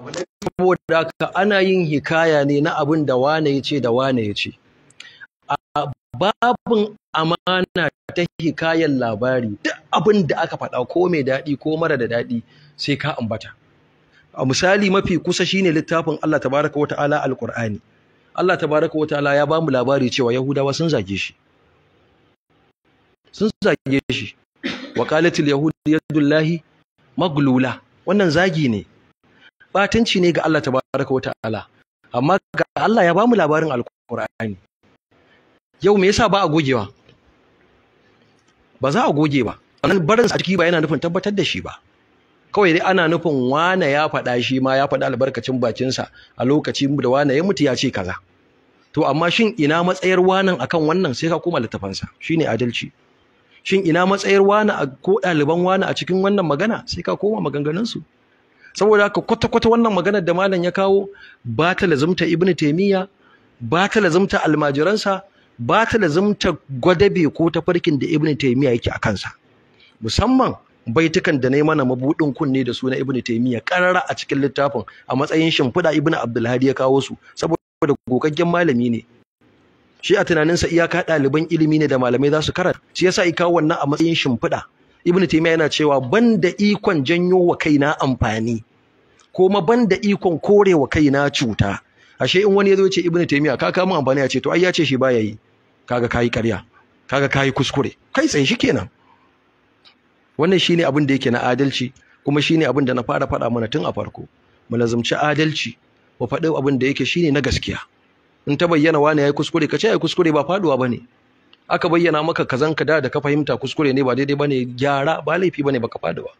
saboda haka ana yin hikaya ne na abin da wane ya ce da wane ya ce a babin amana ta hikayen labari duk abin da aka faɗa ko mai daɗi ko mara da daɗi sai ka ambata a misali mafi kusa shine littafin Allah tabaraka wa ta'ala alqur'ani Allah tabaraka wa ta'ala ya bamu labari cewa yahudawa sun zage shi sun zage shi wa qalatil yahud yadullahi maglula wannan zagi ne batanci ne ga Allah tabaraka wa ta'ala amma ga Allah ya bamu labarin alkur'ani yau me yasa ba a gogewa ba za a goge ba nan barin a ciki ba yana nufin tabbatar da shi ba kawai dai ana nufin wane ya faɗa shi ma ya faɗa albarkacin bakinsa a lokaci da wane ya mutu ya ce kaza to amma shin ina matsayar wanan akan wannan sai ka koma littafansa shine adalci shin ina matsayar wani ko ɗaliban wani a cikin wannan magana sai ka koma maganganunsu su saboda haka kwata-kwata wannan maganar da malam ya kawo ba ta lazumta ibnu taymiya ba ta lazumta almajiransa ba ta lazumta gwadabe ko tafarkin da ibnu taimiya yake a kansa musamman baitukan da na yi mana mabuɗin kunne da suna ibnu taimiyya karara a cikin littafin a matsayin shimfiɗa ibnu abdulhadi ya kawo su saboda gogaggen malami ne shi a tunaninsa iyaka ɗaliban ilimi ne da malamai za su karanta shi yasa ya kawo wannan a matsayin shimfiɗa ibnu taymiya yana cewa banda ikon janyo wa kaina amfani kuma banda ikon kore wa kaina cuta ashe in wani yazo ya ce ibnu taymiya ka kama amfani ya ce to ai ya ce shi baya yi kaga kai ƙarya kaga kai kuskure kai tsaye kenan." wannan shine abin da yake na adalci kuma shine abin da na fara faɗa mana tun a farko mu lazumci adalci mu faɗi abin da yake shine na gaskiya in ta bayyana wani yayi kuskure ka ce yayi kuskure ba ba ne. aka bayyana maka kazan ka da da ka fahimta kuskure ne ba daidai bane gyara ba laifi bane baka fada ba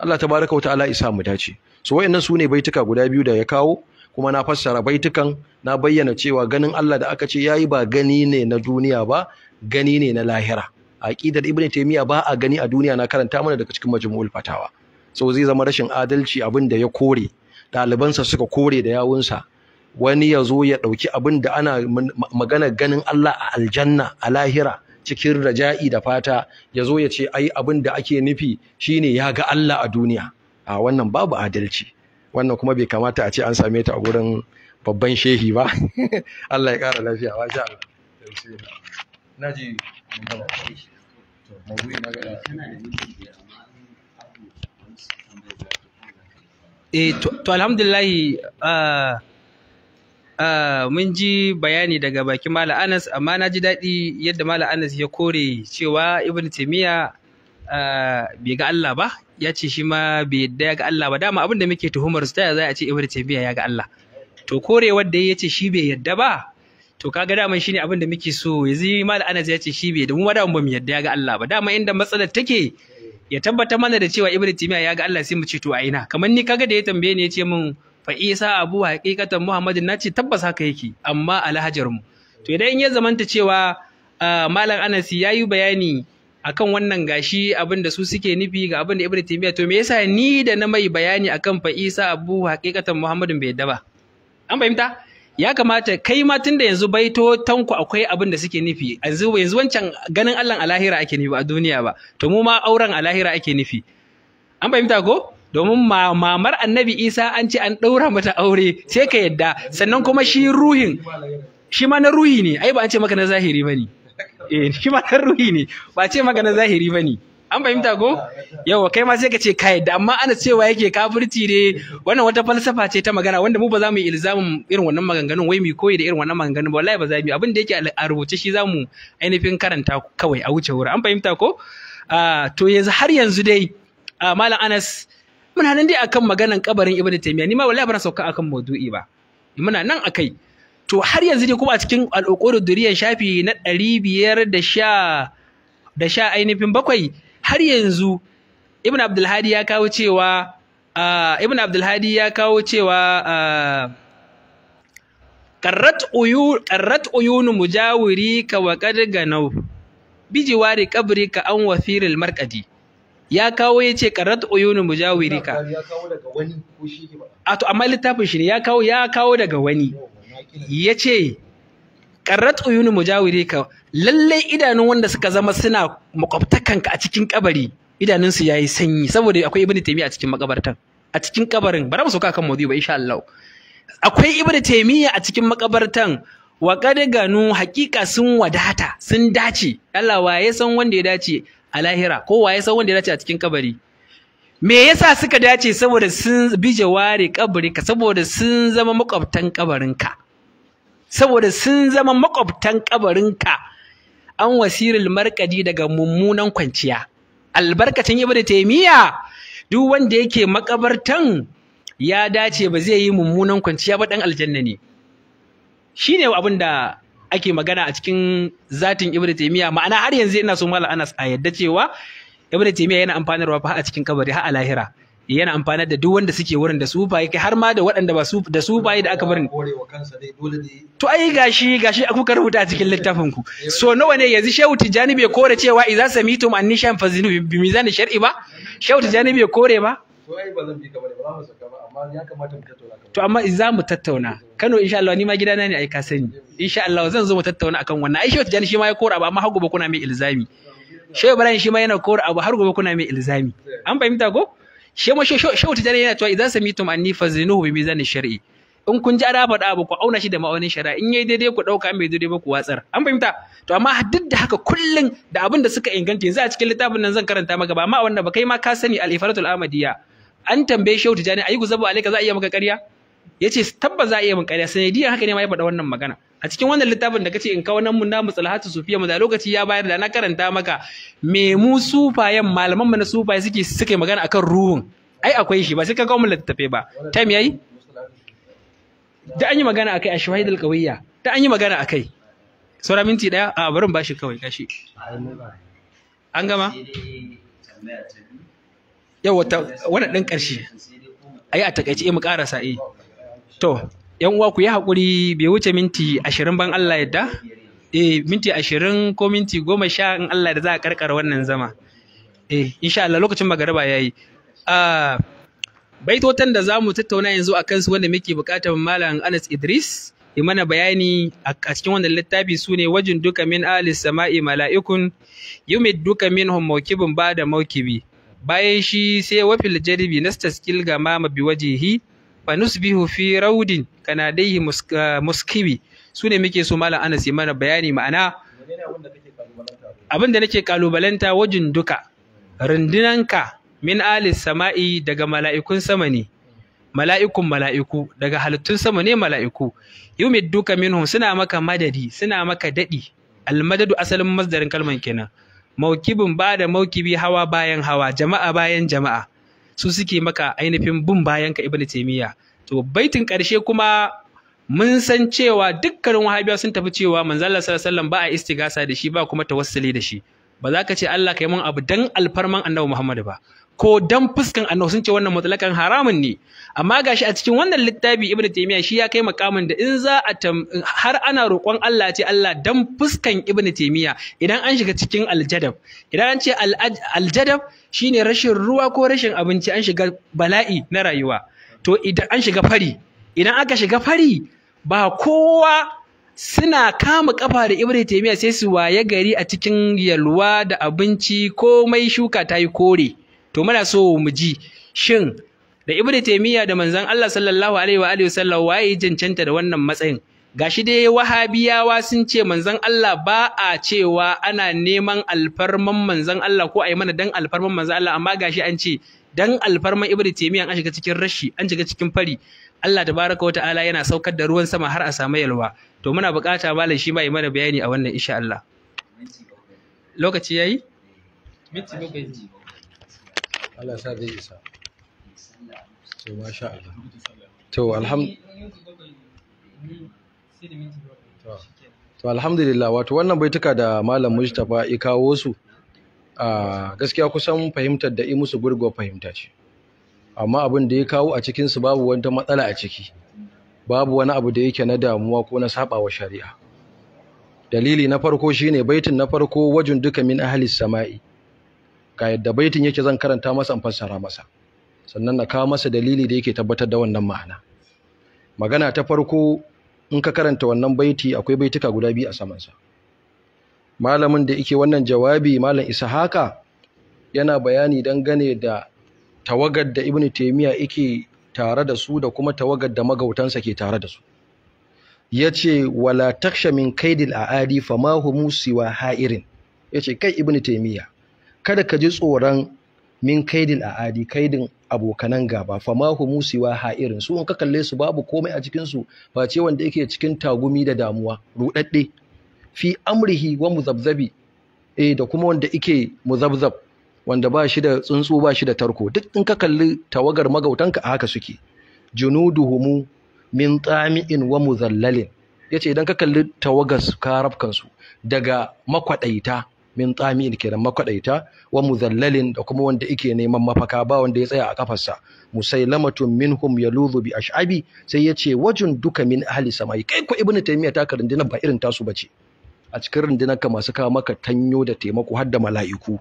Allah tabaraka wa ta'ala isa mu dace so wayannan su ne baituka guda biyu da ya kawo kuma na fassara baitukan na bayyana cewa ganin Allah da aka ce yayi ba gani ne na duniya ba gani ne na lahira aqidar ibnu taymiya ba a gani a duniya na karanta mana daga cikin majmu'ul fatawa so zai zama rashin adalci abin da ya kore ɗalibansa suka kore da yawunsa wani ya zo ya ɗauki abin da ana magana ganin Allah a aljanna a lahira cikin raja'i da fata ya zo ya ce ai abin da ake nufi shine ya ga Allah a duniya a wannan babu adalci wannan kuma bai kamata a ce an same ta a gurin babban shehi ba Allah ya ƙara lafiya wa sha Allah naji eh to alhamdulillah uh, Ah, mun ji bayani daga bakin Malam Anas amma na ji daɗi yadda Malam Anas ya kore cewa Ibn Taymiyyah bai ga Allah ba ya ce shi ma bai yadda ya ga Allah ba dama abin da muke tuhumar su ta za a ce Ibn Taymiyyah ya ga Allah to kore wanda ya ce shi bai yadda ba to kaga daman shine abin da muke so yanzu Malam Anas ya ce shi bai yadda mu ma daman ba mu yadda ya ga Allah ba dama inda matsalar take ya tabbatar mana da cewa Ibn Taymiyyah ya ga Allah sai mu ce to a ina kamar ni kaga da ya tambaye ni ya ce min fa isa abu haqiqatan muhammadin ce tabbas haka yake amma alhajar mu to idan in ya zamanta cewa malam anasi yi bayani akan wannan gashi abin da su suke nufi ga abin da ibnu taymiya to me yasa ni da na mai bayani akan fa isa abu haqiqatan muhammadin bai yadda ba an fahimta ya kamata kai ma tunda yanzu baito tanku akwai abin da suke nufi yanzu yanzu wancan ganin Allah Alahira ake nufi a duniya ba to mu ma auren Alahira ake nufi an fahimta ko domin mamar annabi isa an ce an ɗaura mata aure sai ka yadda sannan kuma shi ruhin shi ma na ruhi ne ai ba an ce maka na zahiri ba ne eh shi ma na ruhi ne ba ce maka na zahiri ba ne an fahimta ko yawa kai ma sai ka ce ka yadda amma ana cewa yake kafirci ne wannan wata falsafa ce ta magana wanda mu ba za mu yi ilzamin irin wannan maganganun wai mu koyi da irin wannan maganganun ba wallahi ba za mu yi abin da yake a rubuce shi za mu ainihin karanta kawai a wuce wuri an fahimta ko ah, to yanzu har yanzu dai ah, malam Anas muna nan dai akan maganan kabarin Ibn taymiya ni ma wallahi ban sauka akan maudu'i ba muna nan akai to har yanzu dai kuma a cikin al'uqulu duriyar shafi na ɗari biyar da sha da ainihin bakwai har yanzu ibn abdulhadi ya kawo cewa ibn abdulhadi ya kawo cewa qarrat uyu qarrat uyunu mujawiri ka wa qad ganau bijiwari qabri ka an wasiril marqadi ya kawo ya ce karat uyunu mujawirika a to amma littafin shi ne ya kawo ya kawo daga wani ya ce karat uyunu mujawirika lallai idanun wanda suka zama suna makwabtakanka a cikin kabari idanunsu ya yi sanyi saboda akwai ibnu taymiya a cikin makabartan a cikin kabarin bara mu sauka kan maudu'i ba insha Allah akwai ibnu taymiya a cikin makabartan wa kad ganu hakika sun wadata sun dace Allah waye san wanda ya dace a lahira kowa ya san wanda ya dace a cikin kabari me yasa suka dace saboda sun ware kabari kabarinka saboda sun zama makwabtan ka saboda sun zama makwabtan kabarinka an wasirul markadi daga mummunan kwanciya albarkacin ibnu taymiya duk wanda yake makabartan ya dace ba zai yi mummunan kwanciya ba dan aljanna ne shine abin da ake magana a cikin zatin Ibn Taymiyyah ma'ana har yanzu ina so malam anas a yadda cewa Ibn Taymiyyah yana amfanarwa fa a cikin kabari har a lahira yana amfanar da duk wanda suke wurin da su baye kai har ma da waɗanda ba su da su baye da aka bar ni to ai gashi gashi aku ka rubuta a cikin littafin ku so nawa ne yanzu shehu tijani bai kore cewa idza samitum annishan fazinu bi mizan shar'i ba shehu tijani bai kore ba to ai ba zan bi kabari ba za mu saka to amma in za mu tattauna Kano insha Allah ni ma gidana ne ai ka sani insha Allah zan zo mu tattauna akan wannan ai Shehu Tijani shi ma ya kora abu amma har gobe kuna mai ilzami Shehu Ibrahim shi ma yana kora abu har gobe kuna mai ilzami an fahimta ko shi ma Shehu Tijani yana cewa idan samitum anni fazinuhu bi mizani shar'i in kun ji ana faɗa abu ku auna shi da ma'aunin shari'a in yayi daidai ku ɗauka in bai daidai ba ku watsar an fahimta to amma duk da haka kullun da abin da suka inganta yanzu a cikin littafin nan zan karanta maka ba amma wannan ba kai ma ka sani al-ifaratul amadiyya an tambaye shehu tijani ayi guzabu ka za a iya maka ƙarya yace tabbas za a iya min ƙarya sanadiyar haka ne ma ya faɗa wannan magana a cikin wannan littafin da kace in kawo wannan mun namu salahatu sufiya mu da lokaci ya bayar da na karanta maka me mu sufayen malaman mu na sufaye suke suke magana akan ruhun ai akwai shi ba sai ka kawo mu littafe ba time yayi da an yi magana akai a shahidul qawiyya da an yi magana akai saura minti daya a barin bashi kawai kashi an gama yau wata wannan ɗin ƙarshe a yi a takaice eh, mu ƙarasa eh to yan uwa ku yi haƙuri bai wuce minti ashirin ban Allah yadda eh minti ashirin ko minti goma sha in Allah da za a karkara wannan zama eh insha Allah lokacin magariba yayi ah baitotan da mu tattauna yanzu akan su wanda muke buƙatar malam Anas Idris yi mana bayani a cikin wannan littafi su ne wajin duka min alis sama'i mala'ikun yumid duka min mawkibun ba da mawkibi bayan shi sai wafil jaribi na nastaskil gamama wajehi, fa nusbihu fi raudin kanadai ah, Muskiwi, su ne muke so malam Anas ya mana bayani ma'ana abin da nake kalubalanta wajin duka rundunanka min alis sama'i daga mala'ikun sama ne mala'ikun mala'iku daga halittun sama ne mala'iku yumid duka minhum suna maka madadi suna maka dadi almadadu asalin masdarin kalman kenan maukibin ba da maukibi hawa bayan hawa jama'a bayan jama'a su suke maka ainihin bin bayan ka Ibn taimiyya to baitin karshe kuma mun san cewa dukkanin wahabiya sun tafi cewa manzo Allah sallallahu alaihi wasallam ba a istigasa da shi ba kuma tawassuli da shi ba za ka ce Allah ka yi mun abu dan alfarman annabi Muhammad ba ko dan fuskan annabi sun ce wannan mutlakan haramun ne amma gashi a cikin wannan littafi ibnu taymiya shi ya kai makamin da in za a tam har ana roƙon Allah ce Allah dan fuskan ibnu taymiya idan an shiga cikin aljadab idan an ce aljadab shine rashin ruwa ko rashin abinci an shiga bala'i na rayuwa to idan an shiga fari idan aka shiga fari ba kowa suna kama kafa da ibnu taymiya sai su waye gari a cikin yalwa da abinci komai shuka ta yi kore to muna so mu ji shin da ibnu taymiya da manzon Allah sallallahu alaihi wa alihi wasallam waye jancanta da wannan matsayin gashi dai wahabiyawa sun ce manzon Allah ba a cewa ana neman alfarman manzon Allah ko a yi mana dan alfarman manzon Allah amma gashi an ce dan alfarman ibnu taymiya an shiga cikin rashi an shiga cikin fari Allah tabaraka wa ta'ala yana saukar da ruwan sama har a samu yalwa to muna bukata malam shi ma yi mana bayani a wannan insha Allah lokaci yayi minti bakwai Allah sa zai isa to masha Allah to alhamdulillah to alhamdulillah wato wannan baituka da malam Mustapha ya kawo su a gaskiya kusan fahimtar da i musu gurgwa fahimta ce amma abin da ya kawo a cikin su babu wata matsala a ciki babu wani abu da yake na damuwa ko na sabawa shari'a dalili na farko shine baitin na farko wajin duka min ahli sama'i ga yadda baitin yake zan karanta masa in fassara masa sannan na kawo masa dalili da yake tabbatar da wannan ma'ana magana ta farko in ka karanta wannan baiti akwai baituka guda biyu a samansa malamin da yake wannan jawabi malam ishaka yana bayani dangane da tawagar da ibnu taymiya yake tare da su da kuma tawagar da magautansa ke tare da su yace wala taksha min kaidil aadi fama humu siwa ha'irin yace kai ibnu taymiya kada ka ji tsoron min a a'adi kaidin abokanan gaba fa ma humu ha ha'irin su ka kalle su babu komai a cikin su ce wanda yake cikin tagumi da damuwa rudadde fi amrihi wa muzabzabi eh da kuma wanda yake muzabzab wanda ba shi da tsuntsu ba shi da tarko duk in ka kalli tawagar magautanka a haka suke junuduhumu min tsami'in wa muzallalin yace idan ka kalli tawagar ka rafkan su daga makwadaita min tsamin kenan makwadaita wa muzallalin da kuma wanda yake neman mafaka ba wanda ya tsaya a kafarsa musailamatun minhum yaluzu bi ash'abi sai yace wajun duka min ahli samai kai ko ibnu taymiya ta karindina ba irin tasu bace a cikin rundunar ka masu kawo maka tanyo da taimako har da mala'iku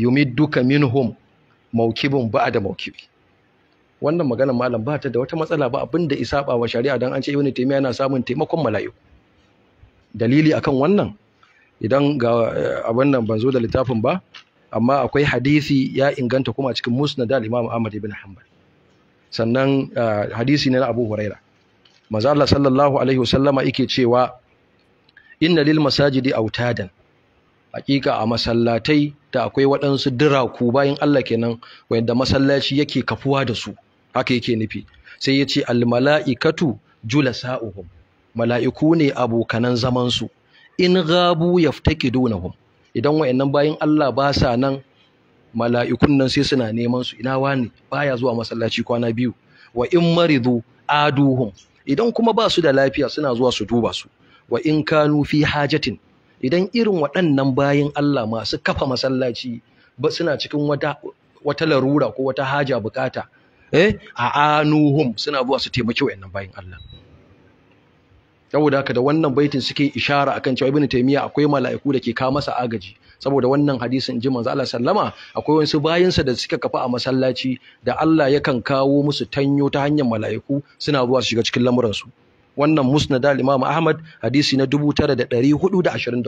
yumidduka minhum mawkibun ba da maukibi wannan magana malam ba ta da wata matsala ba abinda isa ba wa shari'a dan an ce ibnu taymiya yana samun taimakon mala'iku dalili akan wannan idan ga eh, abin nan ban zo da littafin ba amma akwai hadisi ya inganta kuma a cikin musnad al-imam Ahmad ibn Hanbal sannan eh, hadisi ne na Abu Huraira manzo Allah sallallahu alaihi wasallama yake cewa inna lil masajidi autadan hakika a masallatai da akwai waɗansu diraku bayan Allah kenan wanda masallaci yake kafuwa da su haka yake nufi sai yace al mala'ikatu julasa'uhum mala'iku ne abokanan zaman su in ghabu hu idan waannan bayin Allah ba sa nan mala'ikun nan sai suna neman su ina wani baya zuwa masallaci kwana biyu wa in maridu aduhum idan kuma ba su da lafiya suna zuwa su duba su wa in kanu fi hajatin idan irin waɗannan bayin Allah masu kafa masallaci ba suna cikin wata wata larura ko wata haja bukata eh a anuhum suna zuwa su taimaki wayannan bayin Allah saboda haka da wannan baitin suke ishara akan cewa ibnu taymiya akwai mala'iku da ke kawo masa agaji saboda wannan hadisin ji manzo Allah sallama akwai wasu bayinsa da suka kafa a masallaci da Allah yakan kawo musu tanyo ta hanyar mala'iku suna zuwa su shiga cikin su wannan musnad al-imam ahmad hadisi na 9424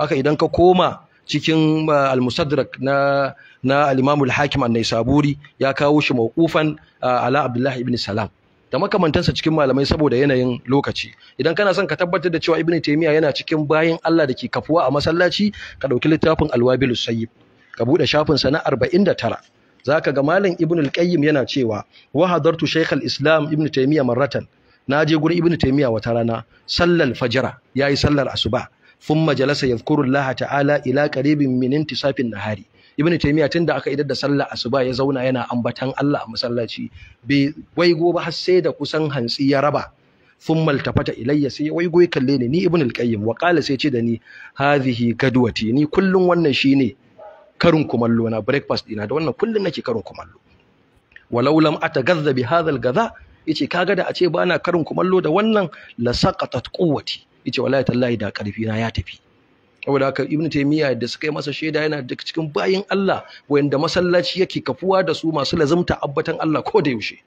haka idan ka koma cikin eh, al-musadrak na na al-imam al-hakim an-naisaburi ya kawo shi mawqufan eh, ala abdullah ibn salam da makamantansa cikin malamai saboda yanayin lokaci idan kana son ka tabbatar da cewa Ibn taymiya yana cikin bayin Allah da ke kafuwa a masallaci ka ɗauki littafin alwabilus sayyib ka buɗe shafin sa na 49 zaka ga malam Ibn al-qayyim yana cewa wa hadartu shaykh al-islam ibnu taymiya marratan naje gurin Ibn taymiya wata rana sallal fajra yayi sallar asuba thumma jalasa yadhkuru Allah ta'ala ila qaribin min intisafin nahari ibnu taymiya tunda aka idar da sallah asuba ya zauna yana ambatan Allah a masallaci bai waigo ba har sai da kusan hantsi ya raba thumma iltafata ilayya sai ya waigo ya kalle ni ni ibnu al-qayyim wa qala sai ce da ni hadhihi gadwati ni kullun wannan shine karin kumallo na breakfast dina da wannan kullun nake karin kumallo walau lam atagazza bi hadha Ice yace kaga da a ce bana karin kumallo da wannan la saqatat quwwati yace wallahi tallahi da karfi na ya tafi saboda haka ibn taimiyya da suka yi masa shaida yana daga cikin bayin Allah wanda masallaci yake kafuwa da su masu lazumta abbatan Allah ko da yaushe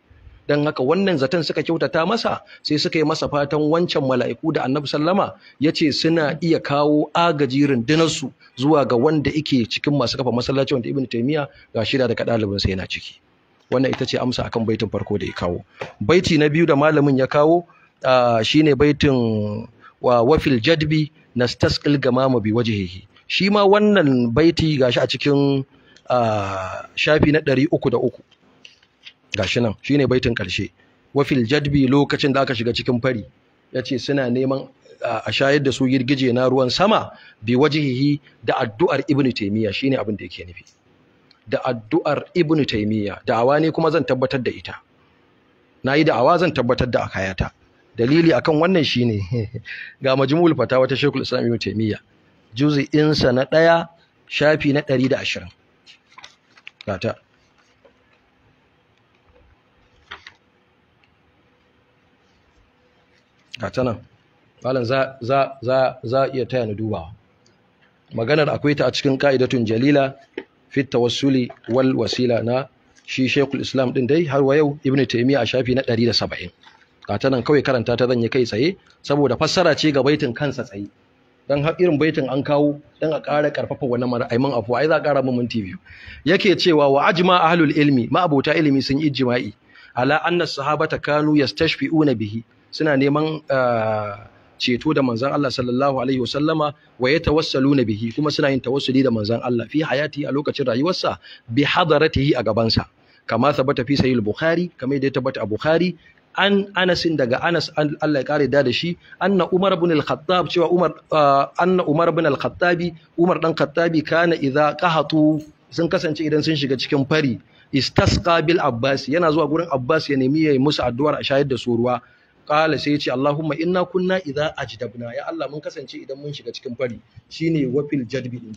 dan haka wannan zaton suka kyautata masa sai suka yi masa fatan wancan mala'iku da annabi sallama yace suna iya kawo agaji rundunarsu zuwa ga wanda yake cikin masu kafa masallaci wanda ibn taimiyya ga shida daga ɗalibin sa yana ciki wannan ita ce amsa akan baitin farko da ya kawo baiti na biyu da malamin ya kawo ah, shine baitin wa wafil jadbi nastasqil gamama bi wajhihi shi ma wannan baiti gashi a cikin shafi na 303 gashi nan shine baitin karshe wa jadbi lokacin da aka shiga cikin fari yace suna neman a shayar da su girgije na ruwan sama bi wajihihi da addu'ar ibnu taymiya shine abin da yake nufi da addu'ar ibnu taymiya da'awa ne kuma zan tabbatar da ita nayi da'awa zan tabbatar da akayata dalili akan wannan shine ga majmu'ul fatawa ta Sheikhul Islam Ibn Taymiyyah juz'i insa na ɗaya shafi na 120 gata gata nan malam za za za za iya taya ni dubawa maganar akwai ta a cikin ka'idatun jalila fi tawassuli wal wasila na shi Sheikhul Islam din dai har wa yau Ibn Taymiyyah a shafi na 170 ga nan kawai karanta ta zan yi kai tsaye saboda fassara ce ga baitin kansa tsaye dan har irin baitin an kawo dan a ƙara karfafa wannan mara aiman afu ai za a ƙara mun TV. biyu yake cewa wa ajma ahlul ilmi ma abota ilimi sun yi ijma'i ala anna sahabata kanu yastashfi'una bihi suna neman ah, ceto da manzon Allah sallallahu alaihi wasallama wa yatawassaluna bihi kuma suna yin tawassuli da manzon Allah fi hayati a lokacin rayuwarsa bi hadaratihi a gabansa kama tabbata fi sahih al-bukhari kamar da ya tabbata a bukhari an anasin daga anas Allah ya kare da da shi anna umar ibn al-khattab cewa umar uh, anna umar ibn al-khattabi umar dan khattabi kana idza qahatu sun kasance idan sun shiga cikin fari istasqa bil abbas yana zuwa gurin abbas ya nemi yayi musu addu'ar a shayar da su ruwa kala sai yace allahumma inna kunna idza ajdabna ya allah mun kasance idan mun shiga cikin fari shine wafil jadbi din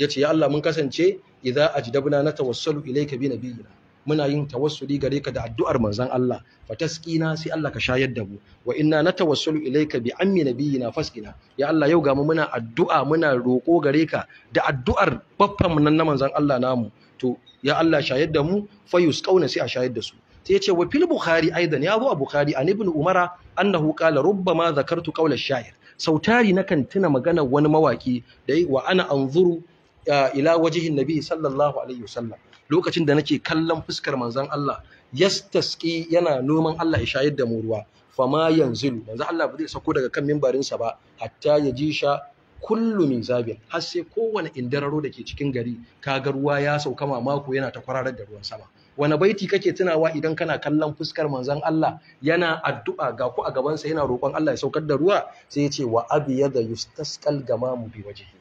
yace ya allah mun kasance idza ajdabna natawassalu ilayka bi nabiyina muna yin tawassuli gare ka da addu'ar manzon Allah fataskina sai Allah ka shayar da mu wa inna natawassalu ilayka bi ammi nabiyina fasqina ya Allah yau ga mu muna addu'a muna roko gare ka da addu'ar baffan nan na manzon Allah namu to ya Allah shayar da mu fayusqauna sai a shayar da su sai yace wa fil bukhari aidan ya zo a bukhari an ibn umara annahu qala rubbama zakartu qawla shair sautari nakan tuna maganar wani mawaki da wa ana anzuru ah, ila wajhin nabi sallallahu alaihi wasallam lokacin da nake kallon fuskar manzon Allah yastasƙi yana noman Allah ya shayar da mu ruwa fama yanzu manzon Allah ba zai sako daga kan mimbarin ba hatta ya ji sha kullu min zabin har sai kowane indararo da ke cikin gari ka ga ruwa ya sauka mako yana ta kwararar da ruwan sama wani baiti kake tunawa idan kana kallon fuskar manzon Allah yana addu'a ga ku a gabansa yana roƙon Allah ya saukar da ruwa sai ya ce wa da yustaskal gama mu bi wajihi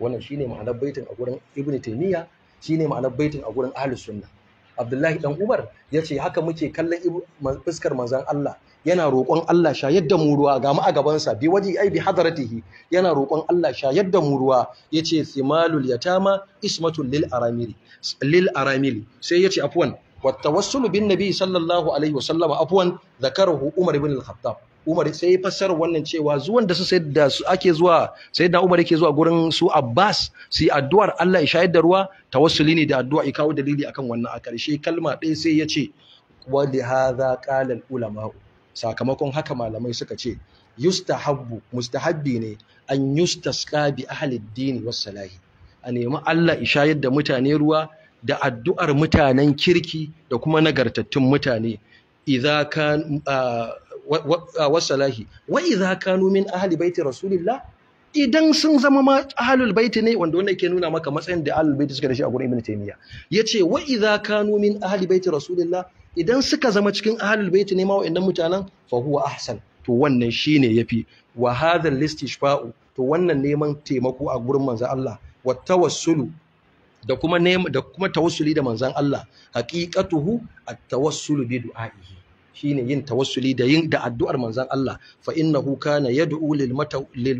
wannan shine ma'anar baitin a gurin ibnu taymiya shine ma'anar baitin a gurin ahlus sunna Abdullahi dan Umar ya ce haka muke kallon fuskar manzon Allah yana roƙon Allah sha yadda mu ruwa ga mu a gabansa bi waji ai bi hadaratihi yana roƙon Allah sha yadda mu ruwa yace simalul yatama ismatul lil aramili lil aramili sai yace afwan wat tawassul bin nabi sallallahu alaihi wasallam afwan zakarahu Umar ibn al-Khattab Umar sai ya fassara wannan cewa zuwan da su da su ake zuwa da Umar yake zuwa gurin su Abbas su yi addu'ar Allah ya shayar da ruwa tawassuli ne da addu'a ya kawo dalili akan wannan a ƙarshe kalma ɗaya sai ya ce wa li hadha qala ulama sakamakon haka malamai suka ce yustahabbu mustahabbi ne an yustasqa bi ahli ad-din was salahi a nemi Allah ya shayar da mutane ruwa da addu'ar mutanen kirki da kuma nagartattun mutane idza kan ah, Uh, wasalahi wa idza kanu min ahli baiti rasulillah idan sun zama ma ahlul baiti ne wanda wannan yake nuna maka matsayin da ahlul baiti suka da shi a gurin ibnu taymiya yace wa idza kanu min ahli baiti rasulillah idan suka zama cikin ahlul baiti ne ma wa'annan mutanen fa huwa ahsan to wannan shine yafi wa hadha listishfa'u to wannan neman taimako a gurin manzon Allah wa tawassulu da kuma da kuma tawassuli da manzon Allah haqiqatuhu at-tawassulu bi du'a'ihi shine yin tawassuli da yin da addu'ar manzon Allah fa innahu kana yad'u lil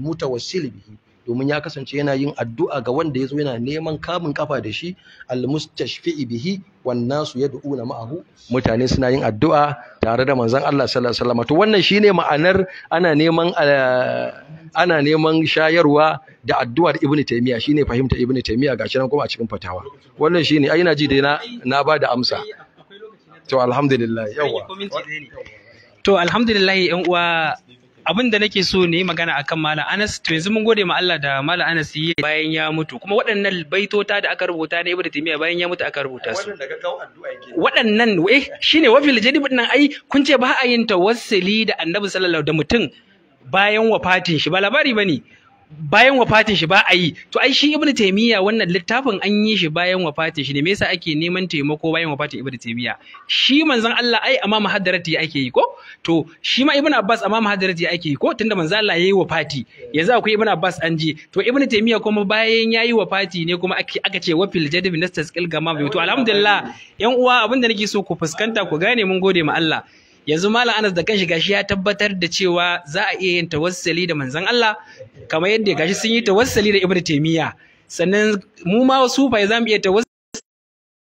mutawassil bihi domin ya kasance yana yin addu'a ga wanda yazo yana neman kamun kafa da shi al mustashfi'i bihi wan nasu yad'una ma'ahu mutane suna yin addu'a tare da manzon Allah sallallahu alaihi wasallam to wannan shine ma'anar ana neman eh, ana neman shayarwa da addu'ar Ibn Taymiyyah shine fahimta Ibn Taymiyyah gashi nan kuma a cikin fatawa wannan shine ai na ji dai na na bada amsa to alhamdulillah yawa to alhamdulillah yan uwa abin da nake so ne magana akan malam Anas to yanzu mun gode ma Allah da malam Anas yi bayan ya mutu kuma waɗannan baitota da aka rubuta na Ibn Taymiyyah bayan ya mutu aka rubuta su waɗannan eh shine wafil jadib nan ai kun ce ba a yin tawassuli da Annabi sallallahu da mutum bayan wafatin shi ba labari bane bayan wafatin shi ba a yi to ai shi ibnu taymiya wannan littafin an yi shi bayan wafatin shi ne me yasa ake neman taimako bayan wafatin ibnu taymiya shi manzon Allah ai amma muhaddarati ake yi ko to shi ma ibnu abbas amma muhaddarati ake yi ko tunda manzon Allah yayi wafati yanzu akwai ibnu abbas an ji to ibnu taymiya kuma bayan yayi fati ne kuma aka ce wa fil jadid nastasqil gamam to alhamdulillah yan uwa abinda nake so ku fuskanta ku gane mun gode ma Allah yanzu malam Anas da kanshi gashi ya tabbatar da cewa za a iya yin tawassali da manzon Allah kamar yadda gashi sun yi tawassali da ibnu taymiya sannan mu ma wasu fa za mu iya tawassali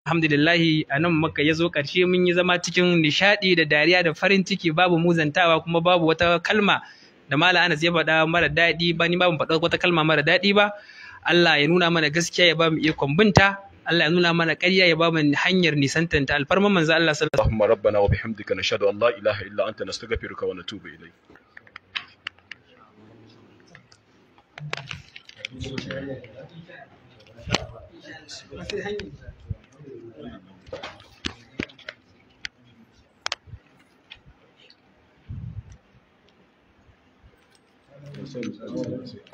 alhamdulillahi a nan maka ya zo ƙarshe mun yi zama cikin nishaɗi da dariya da farin ciki babu muzantawa kuma babu wata kalma da malam Anas ya faɗa mara daɗi ba ni ba faɗa wata kalma mara daɗi ba Allah ya nuna mana gaskiya ya ba mu ikon binta Allah ya nuna mana ƙarya ya ba mu hanyar nisantanta alfarman manzo Allah sallallahu alaihi wasallam rabbana wa bihamdika nashhadu an la ilaha illa anta nastaghfiruka wa natubu ilayk Thank you.